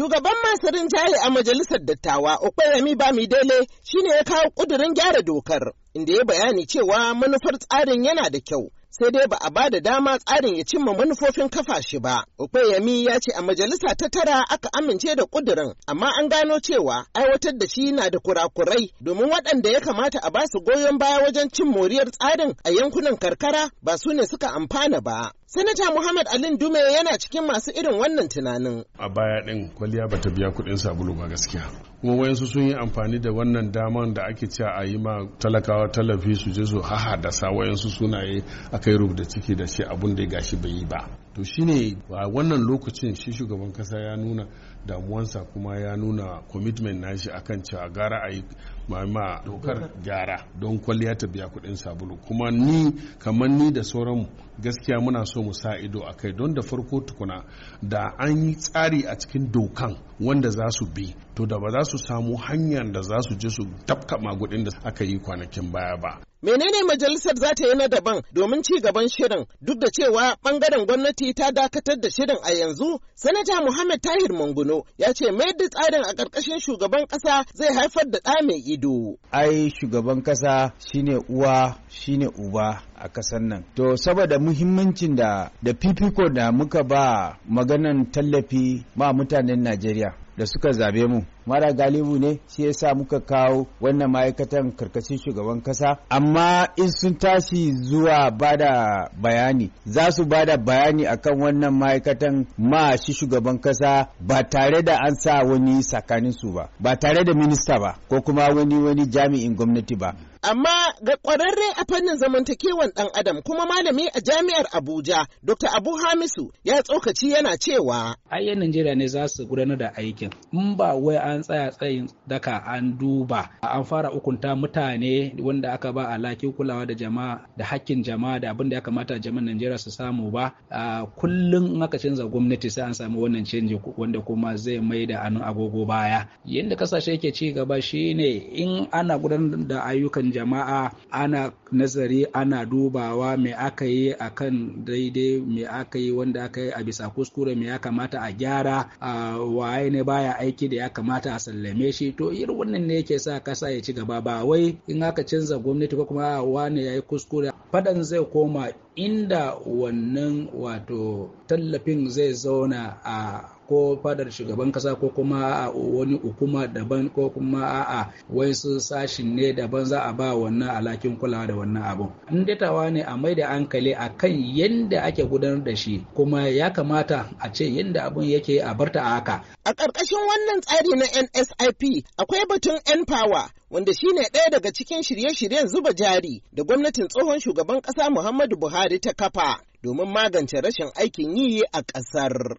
Shugaban masu rinjaye a majalisar dattawa Okoyemi shi ne ya kawo ƙudurin gyara dokar, inda ya bayani cewa manufar tsarin yana da kyau, sai dai ba a ba da dama tsarin ya cimma manufofin kafa shi ba. Okoyemi ya ce a majalisa ta tara aka amince da kudurin, amma an gano cewa aiwatar da shi na da kurakurai domin waɗanda ya kamata a ba su goyon baya wajen cin moriyar tsarin a yankunan karkara ba su ne suka amfana ba. Sanata Muhammad Alin Dume yana cikin masu irin wannan tunanin. A baya ɗin kwalliya ba ta biya kuɗin sabulu ba gaskiya. Kuma wayansu sun yi amfani da wannan daman da ake cewa a yi ma talakawa talafi, su je su haha da sa wayansu sunaye a kai da rubuta ciki da shi abun da ya gashi bai yi ba to shine a wannan lokacin shi shugaban kasa ya nuna damuwansa kuma ya nuna commitment shi akan cewa gara a yi ma dokar gyara don kwalliya ta biya kuɗin sabulu kuma ni kamar ni da sauran gaskiya muna so mu sa ido a kai don da farko tukuna da an yi tsari a cikin dokan wanda za su bi to da ba za su samu hanyar da za su je su tafka magudin da aka yi kwanakin baya ba Menene majalisar za ta yi na daban domin ci gaban shirin duk da cewa bangaren gwamnati ta dakatar da shirin a yanzu? Sanata Muhammad Tahir Manguno ya ce mayar da tsarin a ƙarƙashin shugaban ƙasa zai haifar da ɗa mai ido. Ai shugaban ƙasa shine uwa shine uba a ƙasar nan. To saboda muhimmancin da da fifiko da muka ba maganan tallafi ma mutanen Najeriya. da suka zabe mu mara galibu ne shi yasa muka kawo wannan ma'aikatan karkashin shugaban kasa amma in sun tashi zuwa bada bayani za su bada bayani akan wannan ma'aikatan ma shi shugaban kasa ba tare da an sa wani tsakanin su ba ba tare da minista ba ko kuma wani wani jami'in gwamnati ba Amma ga ƙwararre a fannin zamantakewan ɗan adam kuma malami a jami'ar Abuja, Dr. Abu Hamisu ya tsokaci yana cewa. ayyan Najeriya ne za su gudanar da aikin. In ba wai an tsaya tsayin daka an duba an fara hukunta mutane wanda aka ba alaki kulawa da jama'a da hakkin jama'a da abin da ya kamata jama'an Najeriya su samu ba. Kullum in aka canza gwamnati sai an samu wannan canji wanda kuma zai mai da anun agogo baya. Yadda kasashe ke ci gaba shine in ana gudanar da ayyukan jama'a ana nazari ana dubawa me aka yi a kan daidai me aka yi wanda aka yi a bisa kuskure me ya kamata a gyara a waye ne baya aiki da ya kamata a sallame shi to irin wannan ne yake sa kasa ya ci gaba ba wai in aka canza gwamnati ko kuma wane ya yi kuskure fadan zai koma inda wannan wato tallafin zai zauna a ko fadar shugaban kasa ko kuma a wani hukuma daban ko kuma a wai wasu sashin ne daban za a ba wannan alhakin kulawa da wannan abu. in datawa ne a mai da hankali a kan yadda ake gudanar da shi kuma ya kamata a ce yadda abun yake a barta a haka a ƙarƙashin wannan tsari na nsip akwai batun n power wanda shine ɗaya daga cikin shirye-shiryen zuba jari da gwamnatin tsohon shugaban ƙasa Muhammadu Buhari ta kafa domin magance rashin aikin yi a ƙasar.